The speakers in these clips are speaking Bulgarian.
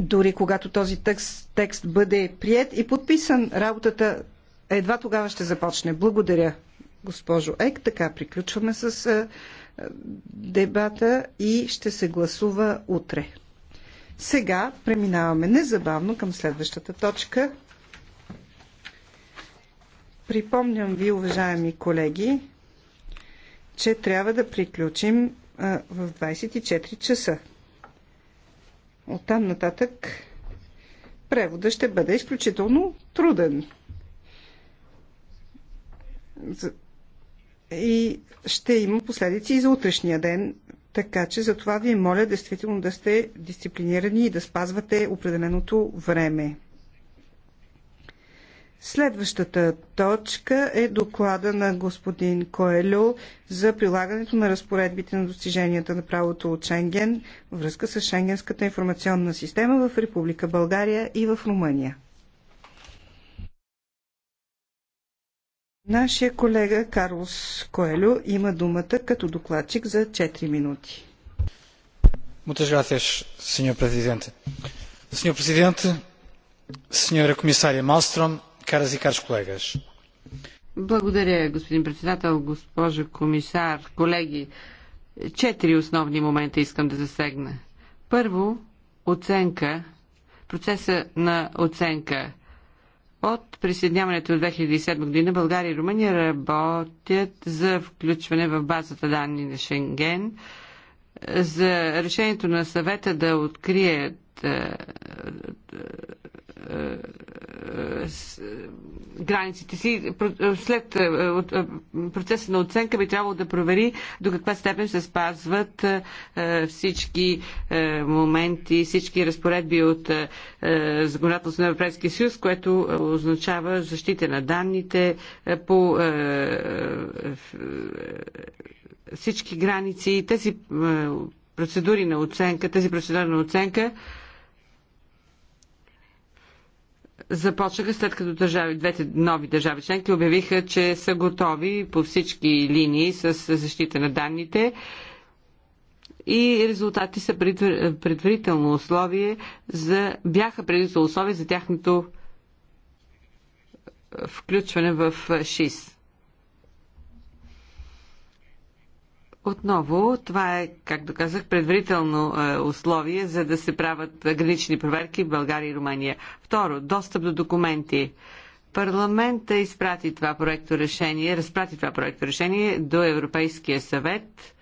дори когато този текст, текст бъде прият и подписан, работата едва тогава ще започне. Благодаря, госпожо Ек. Така приключваме с е, дебата и ще се гласува утре. Сега преминаваме незабавно към следващата точка. Припомням ви, уважаеми колеги, че трябва да приключим е, в 24 часа. От там нататък превода ще бъде изключително труден. И ще има последици и за утрешния ден, така че за това ви моля действително да сте дисциплинирани и да спазвате определеното време. Следващата точка е доклада на господин Коелю за прилагането на разпоредбите на достиженията на правото от Шенген във връзка с Шенгенската информационна система в Република България и в Румъния. Нашия колега Карлос Коелю има думата като докладчик за 4 минути. Muchas gracias, Sr. Presidente. Sr. Presidente, Sra. Comissária и Благодаря, господин председател, госпожо комисар, колеги. Четири основни момента искам да засегна. Първо, оценка, процеса на оценка. От присъединяването от 2007 година България и Румъния работят за включване в базата данни на Шенген, за решението на съвета да открият е, е, е, е, е, границите си. След процеса на оценка би трябвало да провери до каква степен се спазват всички моменти, всички разпоредби от законодателството на Европейския съюз, което означава защита на данните по всички граници. Тези процедури на оценка, тези процедури на оценка започнаха след като държави, двете нови държави членки обявиха, че са готови по всички линии с защита на данните и резултати са предварително условие за, бяха предварително условие за тяхното включване в ШИС. Отново, това е, както казах, предварително е, условие, за да се правят гранични проверки в България и Румъния. Второ, достъп до документи. Парламента изпрати това проекто решение, разпрати това проекто решение до Европейския съвет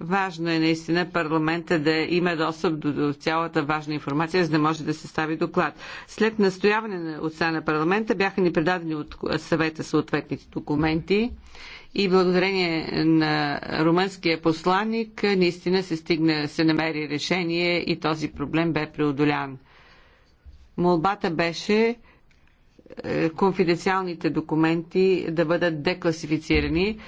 Важно е наистина парламента да има достъп до, до цялата важна информация, за да може да се стави доклад. След настояване на, отца на парламента бяха ни предадени от съвета съответните документи и благодарение на румънския посланник наистина се стигна, се намери решение и този проблем бе преодолян. Молбата беше е, конфиденциалните документи да бъдат декласифицирани,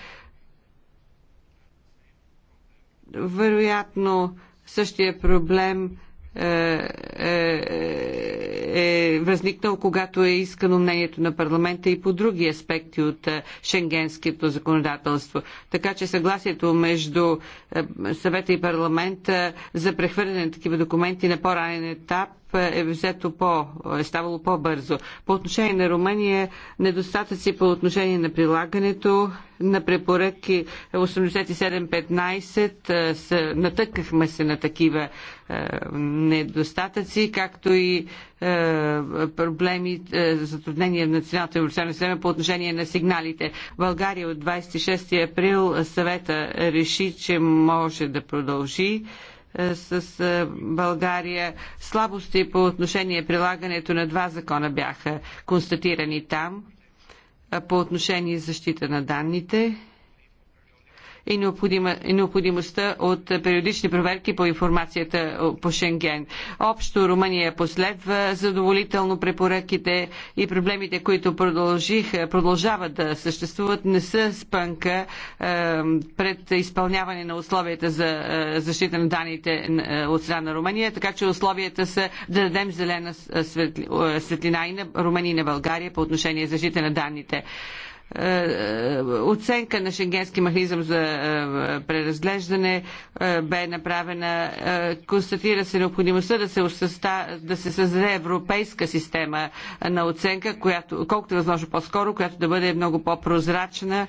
вероятно същия проблем е, е, е, е възникнал, когато е искано мнението на парламента и по други аспекти от е, шенгенското законодателство. Така че съгласието между е, съвета и парламента за прехвърляне на такива документи на по-ранен етап е взето по, е ставало по-бързо. По отношение на Румъния, недостатъци по отношение на прилагането на препоръки 87-15 е, натъкахме се на такива е, недостатъци, както и е, проблеми, затруднения в националната еволюционна система по отношение на сигналите. България от 26 април съвета реши, че може да продължи е, с е, България. Слабости по отношение прилагането на два закона бяха констатирани там е, по отношение защита на данните и необходима, необходимостта от периодични проверки по информацията по Шенген. Общо Румъния последва задоволително препоръките и проблемите, които продължих, продължават да съществуват, не са спънка е, пред изпълняване на условията за е, защита на данните е, от страна на Румъния, така че условията са да дадем зелена е, е, светлина и на Румъния и на България по отношение защита на данните. Е, е, оценка на шенгенски механизъм за е, преразглеждане бе направена. Констатира се необходимостта да се, осъста, да се създаде европейска система на оценка, която, колкото е възможно по-скоро, която да бъде много по-прозрачна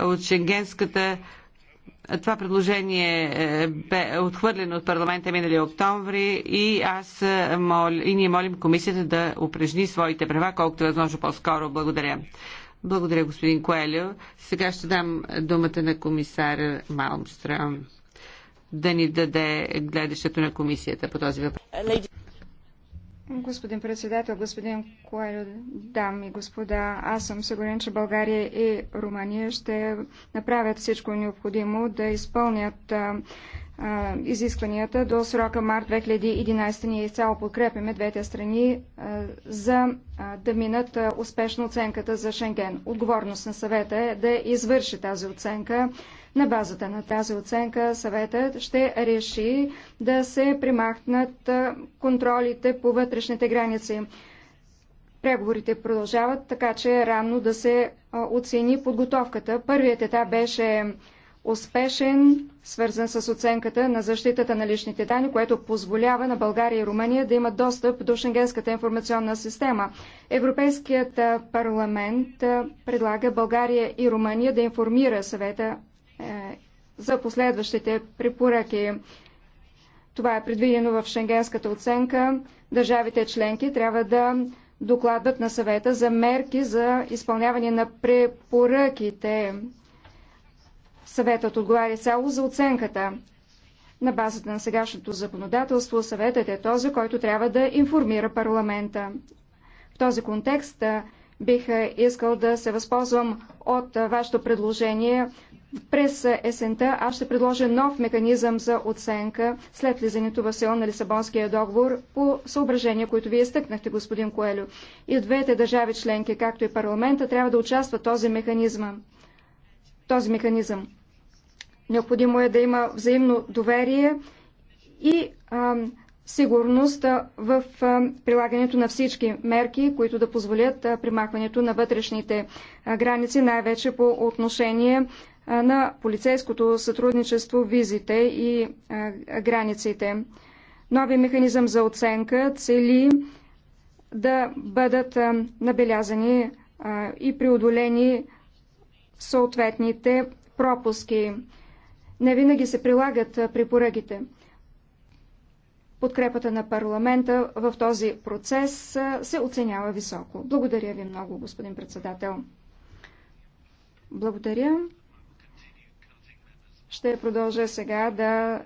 от шенгенската това предложение бе отхвърлено от парламента миналия октомври и аз мол, и ние молим комисията да упражни своите права колкото е възможно по-скоро. Благодаря. Благодаря, господин Коелио. Сега ще дам думата на комисар Малмстрам да ни даде гледащето на комисията по този въпрос. Господин председател, господин Коелю, дами и господа, аз съм сигурен, че България и Румъния ще направят всичко необходимо да изпълнят изискванията до срока март 2011. Ние изцяло подкрепяме двете страни за да минат успешно оценката за Шенген. Отговорност на съвета е да извърши тази оценка. На базата на тази оценка съветът ще реши да се примахнат контролите по вътрешните граници. Преговорите продължават, така че е рано да се оцени подготовката. Първият етап беше успешен, свързан с оценката на защитата на личните данни, което позволява на България и Румъния да имат достъп до Шенгенската информационна система. Европейският парламент предлага България и Румъния да информира съвета е, за последващите препоръки. Това е предвидено в Шенгенската оценка. Държавите членки трябва да докладват на съвета за мерки за изпълняване на препоръките Съветът отговаря цяло за оценката. На базата на сегашното законодателство съветът е този, който трябва да информира парламента. В този контекст бих искал да се възползвам от вашето предложение. През есента аз ще предложа нов механизъм за оценка след влизането в сила на Лисабонския договор по съображения, които вие изтъкнахте, господин Коелю. И от двете държави членки, както и парламента, трябва да участват този механизъм. Този механизъм. Необходимо е да има взаимно доверие и а, сигурност в а, прилагането на всички мерки, които да позволят а, примахването на вътрешните а, граници, най-вече по отношение а, на полицейското сътрудничество, визите и а, границите. Нови механизъм за оценка цели да бъдат а, набелязани а, и преодолени съответните пропуски не винаги се прилагат препоръките. Подкрепата на парламента в този процес се оценява високо. Благодаря ви много, господин председател. Благодаря. Ще продължа сега да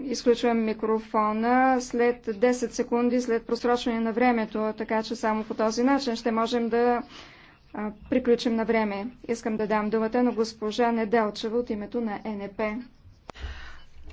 изключвам микрофона след 10 секунди, след просрочване на времето, така че само по този начин ще можем да приключим на време. Искам да дам думата на госпожа Неделчева от името на НП.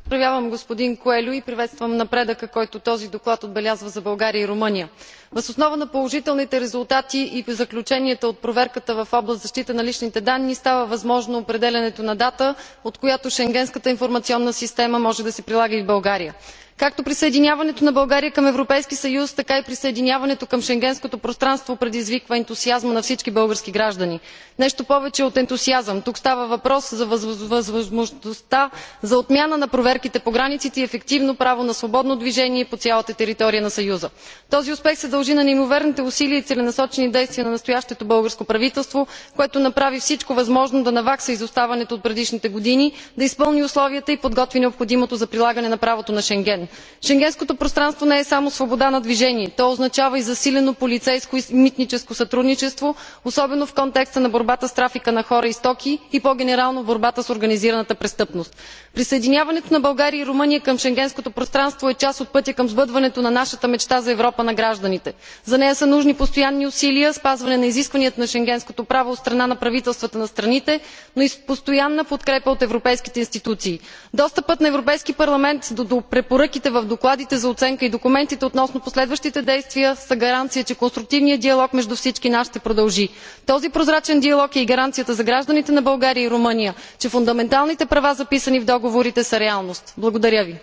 Поздравявам господин Коелю и приветствам напредъка, който този доклад отбелязва за България и Румъния. Въз основа на положителните резултати и заключенията от проверката в област защита на личните данни става възможно определянето на дата, от която Шенгенската информационна система може да се прилага и в България както присъединяването на българя към европейския съюз така и присъединяването към шенгенското пространство предизвиква ентусиазма на всички български граждани. нещо повече от ентусиазъм тук става въпрос за възможността за отмяна на проверките по границите и ефективно право на свободно движение по цялата територия на съюза. този успех се дължи на неимоверните усилия и целенасочени действия на настоящото българско правителство което направи всичко възможно да навакса изоставането от предишните години да изпълни условията и подготви необходимото за прилагане на правото на шенген шенгенското пространство не е само свобода на движение то означава и засилено полицейско и митническо сътрудничество особено в контекста на борбата с трафика на хора и стоки и по генерално борбата с организираната престъпност. присъединяването на българя и румъния към шенгенското пространство е част от пътя към сбъдването на нашата мечта за европа на гражданите. за нея са нужни постоянни усилия спазване на изискванията на шенгенското право от страна на правителствата на страните но и постоянна подкрепа от европейските институции. достъпът на европейския парламент до препоръките препоръките в докладите за оценка и документите относно последващите действия са гаранция че конструктивният диалог между всички нас ще продължи. този прозрачен диалог е и гаранцията за гражданите на българия и румъния че фундаменталните права записани в договорите са реалност. благодаря ви.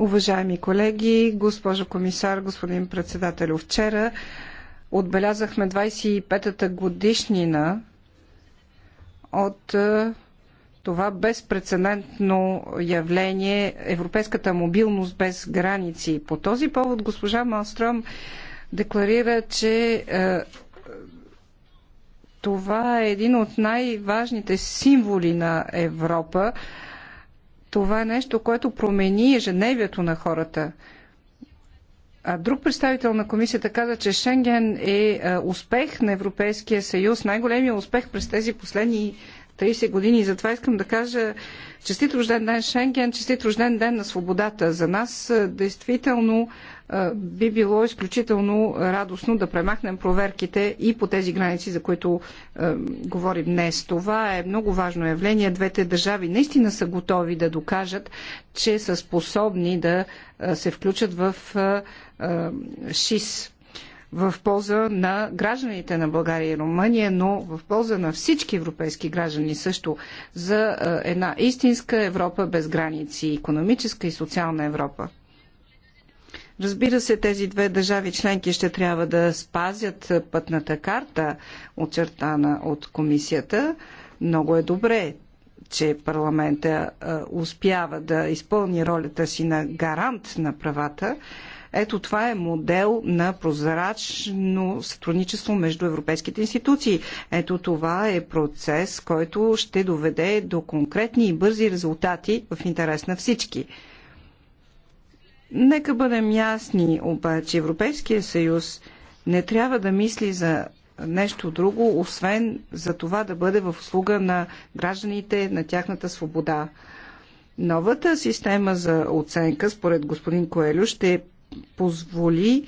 Уважаеми колеги, госпожо комисар, господин председател, вчера отбелязахме 25-та годишнина от е, това безпредседентно явление европейската мобилност без граници. По този повод госпожа Малстром декларира, че е, това е един от най-важните символи на Европа. Това е нещо, което промени ежедневието на хората. А друг представител на комисията каза, че Шенген е, е успех на Европейския съюз, най-големия успех през тези последни 30 години. И затова искам да кажа честит рожден ден Шенген, честит рожден ден на свободата. За нас е, действително би било изключително радостно да премахнем проверките и по тези граници, за които е, говорим днес. Това е много важно явление. Двете държави наистина са готови да докажат, че са способни да се включат в е, е, ШИС в полза на гражданите на България и Румъния, но в полза на всички европейски граждани също за една истинска Европа без граници, економическа и социална Европа. Разбира се, тези две държави членки ще трябва да спазят пътната карта, очертана от комисията. Много е добре, че парламента успява да изпълни ролята си на гарант на правата. Ето това е модел на прозрачно сътрудничество между европейските институции. Ето това е процес, който ще доведе до конкретни и бързи резултати в интерес на всички. Нека бъдем ясни, обаче Европейския съюз не трябва да мисли за нещо друго, освен за това да бъде в услуга на гражданите, на тяхната свобода. Новата система за оценка, според господин Коелю, ще позволи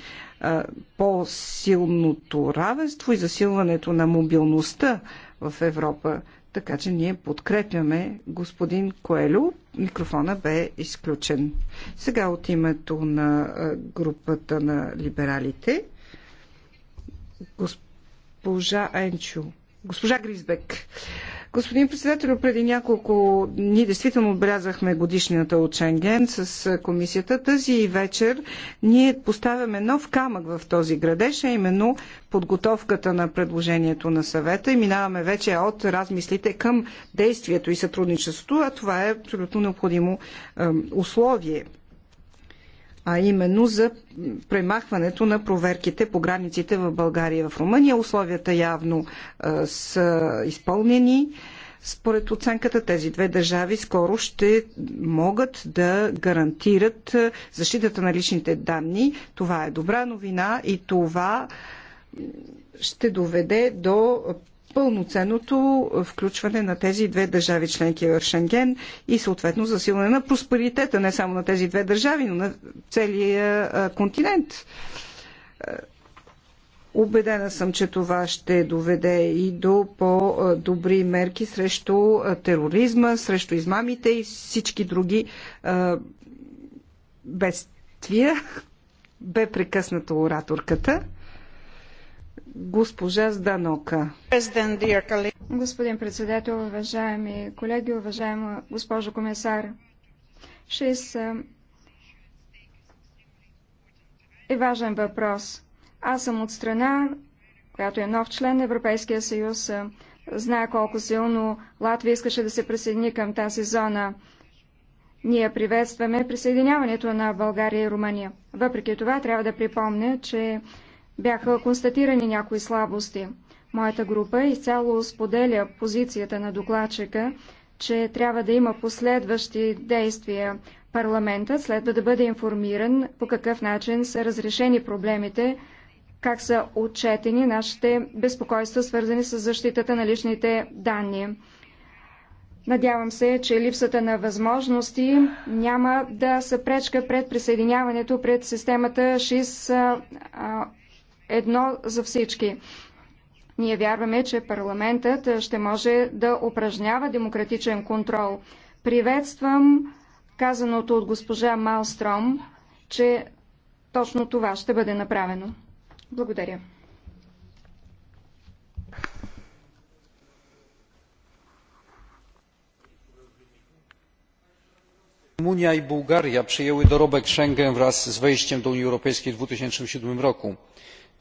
по-силното равенство и засилването на мобилността в Европа. Така че ние подкрепяме господин Коелю. Микрофона бе изключен. Сега от името на групата на либералите, госпожа Енчо. Госпожа Гризбек. Господин председател, преди няколко дни действително отбелязахме годишнината от Шенген с комисията. Тази вечер ние поставяме нов камък в този градеж, а именно подготовката на предложението на съвета и минаваме вече от размислите към действието и сътрудничеството, а това е абсолютно необходимо условие а именно за премахването на проверките по границите в България и в Румъния. Условията явно е, са изпълнени. Според оценката тези две държави скоро ще могат да гарантират е, защитата на личните данни. Това е добра новина и това ще доведе до пълноценното включване на тези две държави членки в Шенген и съответно засилване на просперитета не само на тези две държави, но на целия континент. Обедена съм, че това ще доведе и до по-добри мерки срещу тероризма, срещу измамите и всички други бедствия. Бе прекъсната ораторката госпожа Зданока. Господин председател, уважаеми колеги, уважаема госпожо комисар, 6 е важен въпрос. Аз съм от страна, която е нов член на Европейския съюз. Знае колко силно Латвия искаше да се присъедини към тази зона. Ние приветстваме присъединяването на България и Румъния. Въпреки това трябва да припомня, че бяха констатирани някои слабости. Моята група изцяло споделя позицията на докладчика, че трябва да има последващи действия. Парламентът следва да бъде информиран по какъв начин са разрешени проблемите, как са отчетени нашите безпокойства, свързани с защитата на личните данни. Надявам се, че липсата на възможности няма да се пречка пред присъединяването пред системата ШИС едно за всички. Ние вярваме, че парламентът ще може да упражнява демократичен контрол. Приветствам казаното от госпожа Малстром, че точно това ще бъде направено. Благодаря. rumunia и България приели доробък Шенген wraz с wejściem do unii europejskiej w dwa roku.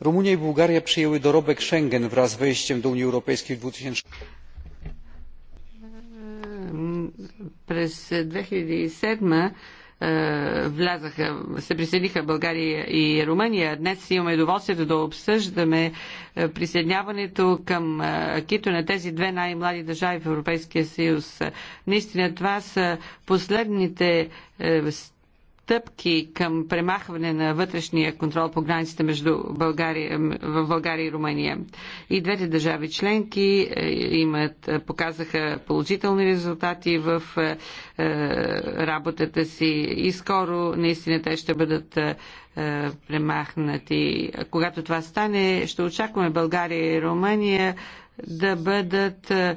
rumunia i bułgaria przyjęły dorobek schengen wraz z wejściem do unii europejskiej w. dwa tysiące през 2007 е, влязаха, се присъединиха България и Румъния. Днес имаме удоволствието да обсъждаме е, присъединяването към е, кито на тези две най-млади държави в Европейския съюз. Наистина това са последните стъпки към премахване на вътрешния контрол по границите между България, в България и Румъния. И двете държави членки е, имат, е, показаха положителни резултати в е, е, работата си и скоро наистина те ще бъдат е, премахнати. Когато това стане, ще очакваме България и Румъния да бъдат е,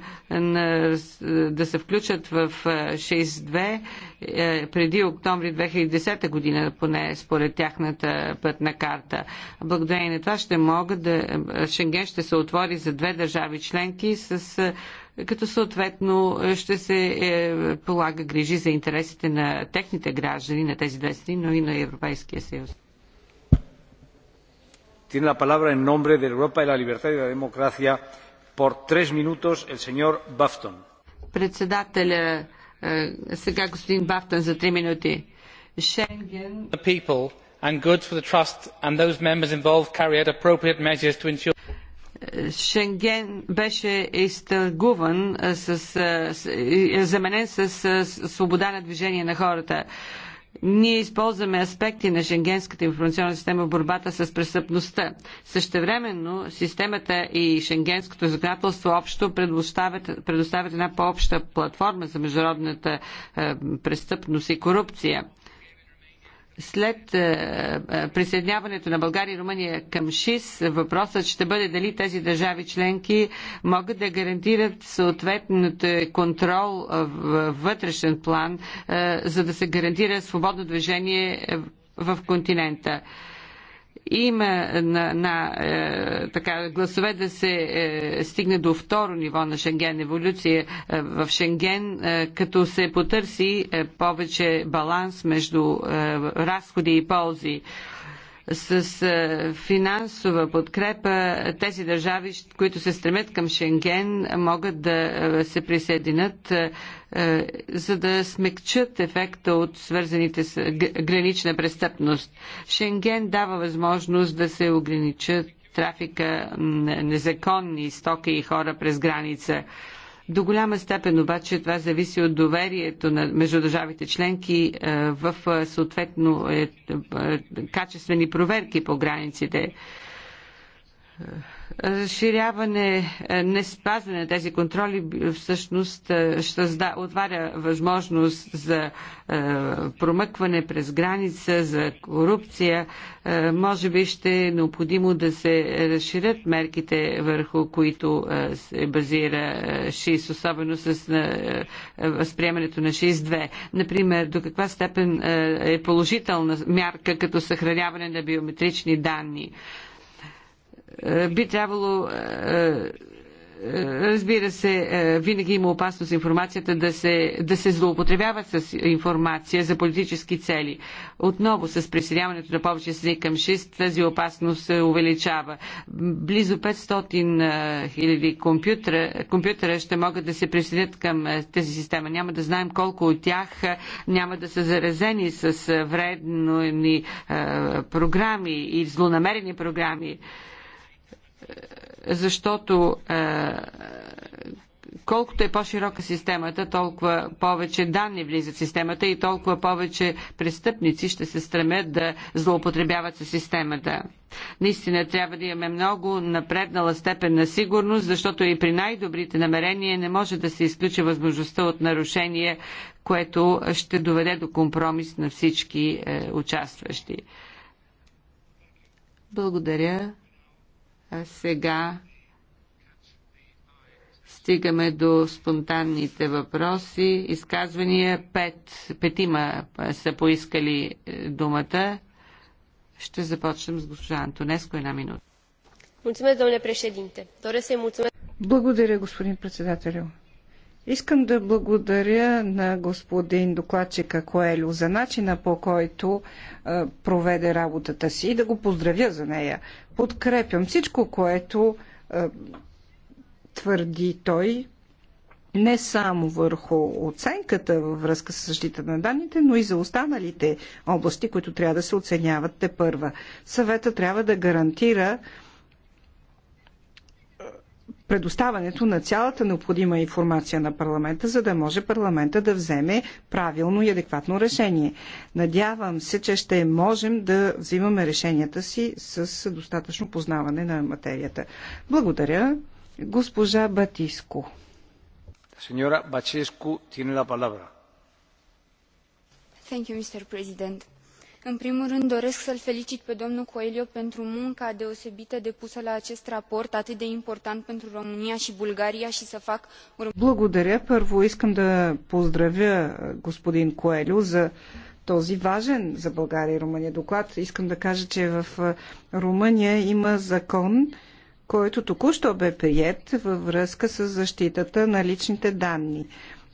да се включат в 6.2 е, е, преди октомври 2010 година, поне според тяхната пътна карта. Благодарение на това ще могат да... Шенген ще се отвори за две държави членки с като съответно ще се полага грижи за интересите на техните граждани, на тези две страни, но и на Европейския съюз. Tiene la palabra en nombre de Europa y la Libertad y la Democracia Председателя е, сега господин Бафтон, за три минути. Шенген беше изтъргуван, е, с, е, заменен с, свобода на движение на хората ние използваме аспекти на Шенгенската информационна система в борбата с престъпността. Същевременно системата и Шенгенското законодателство общо предоставят, предоставят една по-обща платформа за международната е, престъпност и корупция. След е, е, присъединяването на България и Румъния към ШИС, въпросът ще бъде дали тези държави членки могат да гарантират съответното контрол в вътрешен план, е, за да се гарантира свободно движение в континента. Има на, на е, така, гласове да се е, стигне до второ ниво на Шенген, еволюция е, в Шенген, е, като се потърси е, повече баланс между е, разходи и ползи. Е, с е, финансова подкрепа тези държави, които се стремят към Шенген, могат да е, се присъединят, е, за да смекчат ефекта от свързаните с гранична престъпност. Шенген дава възможност да се ограничат трафика незаконни стоки и хора през граница. До голяма степен обаче това зависи от доверието на, между държавите членки е, в е, съответно е, качествени проверки по границите разширяване, е, не спазване на тези контроли всъщност е, ще отваря възможност за е, промъкване през граница, за корупция. може би ще е необходимо да се разширят мерките върху които се базира ШИС, особено с възприемането на ШИС-2. Например, до каква степен е положителна мярка като съхраняване на биометрични данни. Е, би трябвало е, е, разбира се, винаги има опасност информацията да се, да се злоупотребява с информация за политически цели. Отново с присъединяването на повече страни към 6 тази опасност се увеличава. Близо 500 хиляди компютъра, компютъра ще могат да се присъединят към тази система. Няма да знаем колко от тях няма да са заразени с вредни програми и злонамерени програми защото е, колкото е по-широка системата, толкова повече данни влизат в системата и толкова повече престъпници ще се стремят да злоупотребяват със системата. Наистина трябва да имаме много напреднала степен на сигурност, защото и при най-добрите намерения не може да се изключи възможността от нарушение, което ще доведе до компромис на всички е, участващи. Благодаря. А сега стигаме до спонтанните въпроси. Изказвания пет, петима са поискали е, думата. Ще започнем с госпожа Антонеско една минута. Благодаря, господин председател. Искам да благодаря на господин докладчика Коелю за начина по който е, проведе работата си и да го поздравя за нея. Подкрепям всичко, което е, твърди той, не само върху оценката във връзка с защита на данните, но и за останалите области, които трябва да се оценяват те първа. Съвета трябва да гарантира предоставянето на цялата необходима информация на парламента, за да може парламента да вземе правилно и адекватно решение. Надявам се, че ще можем да взимаме решенията си с достатъчно познаване на материята. Благодаря. Госпожа Батиско. Сеньора Батиско, tiene ла палабра. Thank you, Mr. President în primul rând doresc să l felicit pe domnul coelho pentru munca deosebită depusă la acest raport atât de important pentru România i Bulgaria и să fac Благодаря. Първо искам да поздравя господин Коелю за този важен за България и Румъния доклад. Искам да кажа, че в Румъния има закон, който току-що бе прият във връзка с защитата на личните данни.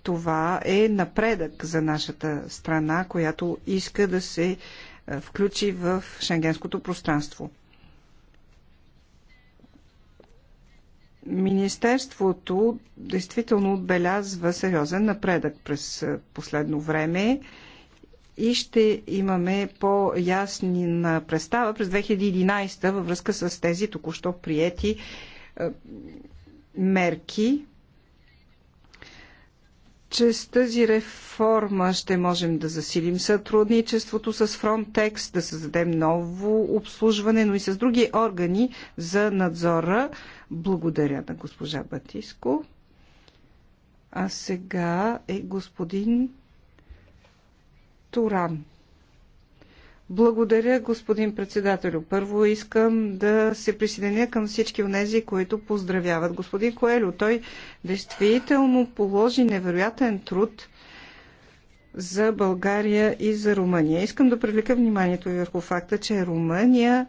Това е напредък за нашата страна, която иска да се е, включи в шенгенското пространство. Министерството действително отбелязва сериозен напредък през е, последно време и ще имаме по на представа през 2011 във връзка с тези току-що приети е, мерки че с тази реформа ще можем да засилим сътрудничеството с Frontex, да създадем ново обслужване, но и с други органи за надзора. Благодаря на госпожа Батиско. А сега е господин Туран. Благодаря, господин председателю. Първо искам да се присъединя към всички от тези, които поздравяват господин Коелю. Той действително положи невероятен труд за България и за Румъния. Искам да привлека вниманието ви върху факта, че Румъния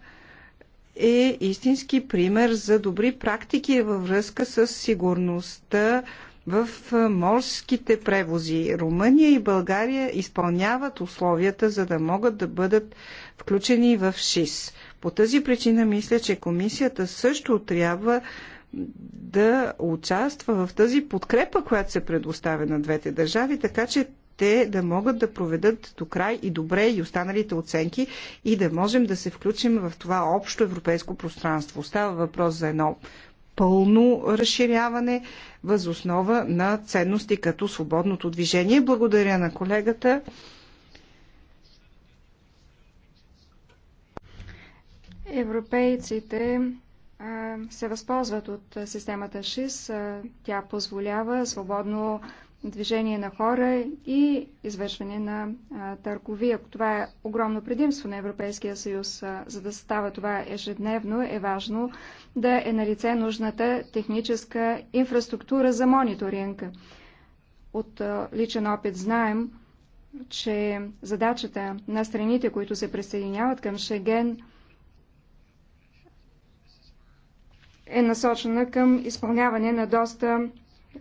е истински пример за добри практики във връзка с сигурността в морските превози. Румъния и България изпълняват условията, за да могат да бъдат включени в ШИС. По тази причина мисля, че комисията също трябва да участва в тази подкрепа, която се предоставя на двете държави, така че те да могат да проведат до край и добре и останалите оценки и да можем да се включим в това общо европейско пространство. Става въпрос за едно пълно разширяване въз основа на ценности като свободното движение. Благодаря на колегата. Европейците се възползват от системата ШИС. Тя позволява свободно движение на хора и извършване на търговия. Това е огромно предимство на Европейския съюз. За да става това ежедневно, е важно да е на лице нужната техническа инфраструктура за мониторинг. От личен опит знаем, че задачата на страните, които се присъединяват към Шеген, е насочена към изпълняване на доста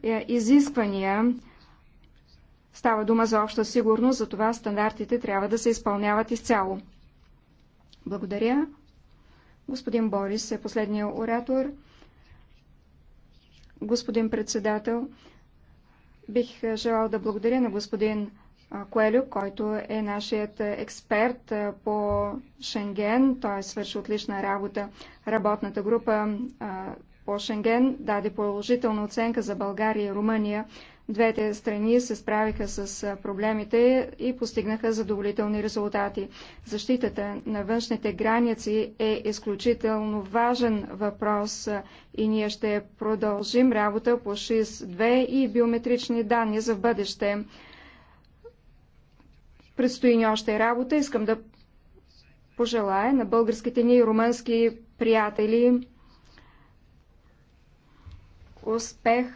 е, изисквания Става дума за обща сигурност, затова стандартите трябва да се изпълняват изцяло. Благодаря. Господин Борис е последния оратор. Господин председател, бих желал да благодаря на господин Куелю, който е нашият експерт по Шенген. Той е свърши отлична работа. Работната група по Шенген даде положителна оценка за България и Румъния Двете страни се справиха с проблемите и постигнаха задоволителни резултати. Защитата на външните граници е изключително важен въпрос и ние ще продължим работа по ШИС-2 и биометрични данни за бъдеще. Предстои ни още работа. Искам да пожелая на българските ни и румънски приятели успех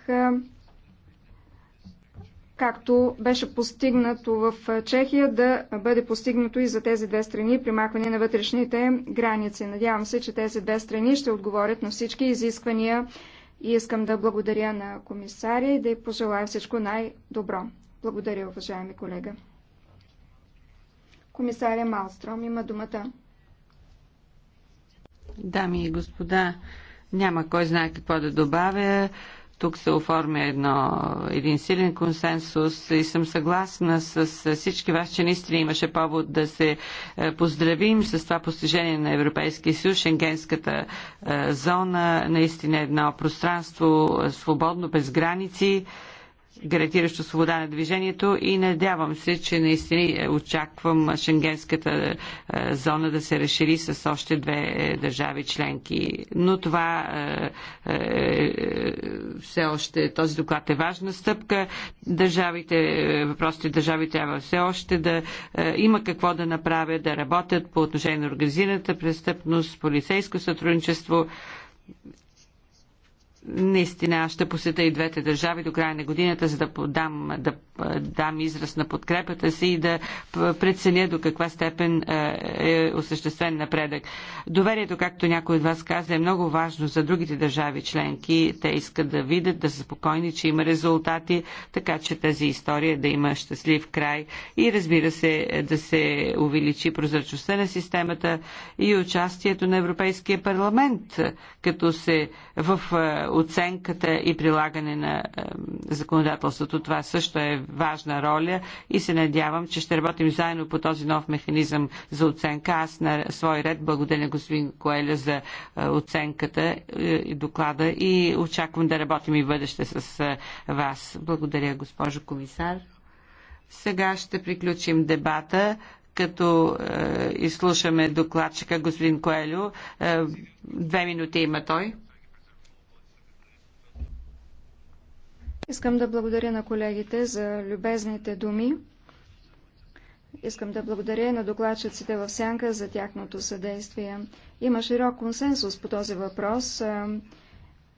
както беше постигнато в Чехия, да бъде постигнато и за тези две страни примахване на вътрешните граници. Надявам се, че тези две страни ще отговорят на всички изисквания и искам да благодаря на комисаря и да й пожелая всичко най-добро. Благодаря, уважаеми колега. Комисаря Малстром има думата. Дами и господа, няма кой знае какво да добавя. Тук се оформя едно, един силен консенсус и съм съгласна с, с всички вас, че наистина имаше повод да се е, поздравим с това постижение на Европейския съюз. Шенгенската е, зона наистина е едно пространство е, свободно, без граници гарантиращо свобода на движението и надявам се, че наистина очаквам шенгенската е, зона да се разшири с още две е, държави членки. Но това е, все още, този доклад е важна стъпка. Държавите, въпросите държави трябва все още да има какво да направят, да работят по отношение на организираната престъпност, полицейско сътрудничество Наистина ще посета и двете държави до края на годината, за да дам, да дам израз на подкрепата си и да преценя до каква степен е осъществен напредък. Доверието, както някой от вас каза, е много важно за другите държави членки. Те искат да видят, да са спокойни, че има резултати, така че тази история да има щастлив край и разбира се да се увеличи прозрачността на системата и участието на Европейския парламент, като се в оценката и прилагане на е, законодателството. Това също е важна роля и се надявам, че ще работим заедно по този нов механизъм за оценка. Аз на свой ред благодаря господин Коеля за е, оценката е, и доклада и очаквам да работим и бъдеще с вас. Благодаря, госпожо комисар. Сега ще приключим дебата като е, изслушаме докладчика господин Коелю. Е, две минути има той. Искам да благодаря на колегите за любезните думи. Искам да благодаря на докладчиците в Сянка за тяхното съдействие. Има широк консенсус по този въпрос.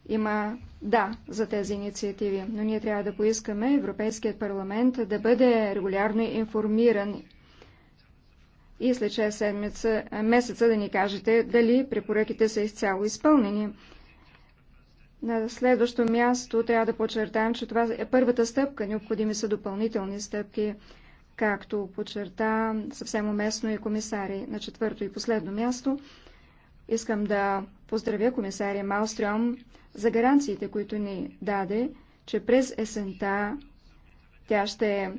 Има да за тези инициативи, но ние трябва да поискаме Европейският парламент да бъде регулярно информиран и след 6 седмица, месеца да ни кажете дали препоръките са изцяло изпълнени. На следващо място трябва да подчертаем, че това е първата стъпка. Необходими са допълнителни стъпки, както подчерта съвсем уместно и комисари. На четвърто и последно място искам да поздравя комисария Малстрем за гаранциите, които ни даде, че през есента тя ще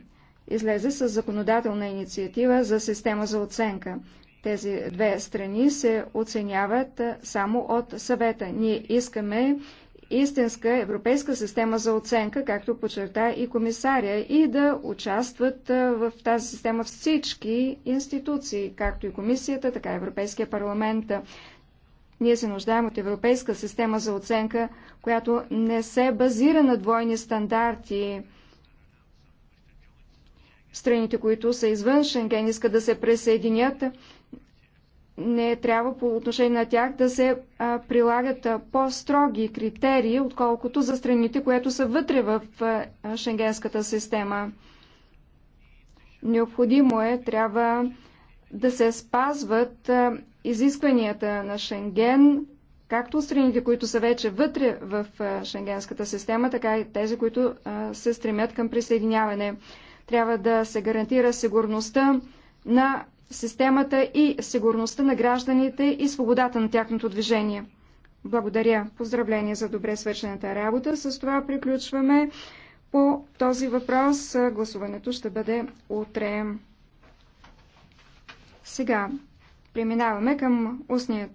излезе с законодателна инициатива за система за оценка. Тези две страни се оценяват само от съвета. Ние искаме истинска европейска система за оценка, както подчерта и комисаря, и да участват в тази система всички институции, както и комисията, така и Европейския парламент. Ние се нуждаем от европейска система за оценка, която не се базира на двойни стандарти. Страните, които са извън Шенген, искат да се присъединят не трябва по отношение на тях да се прилагат по-строги критерии, отколкото за страните, които са вътре в шенгенската система. Необходимо е, трябва да се спазват изискванията на Шенген, както страните, които са вече вътре в шенгенската система, така и тези, които се стремят към присъединяване. Трябва да се гарантира сигурността на системата и сигурността на гражданите и свободата на тяхното движение. Благодаря. Поздравления за добре свършената работа. С това приключваме по този въпрос. Гласуването ще бъде утре. Сега преминаваме към устният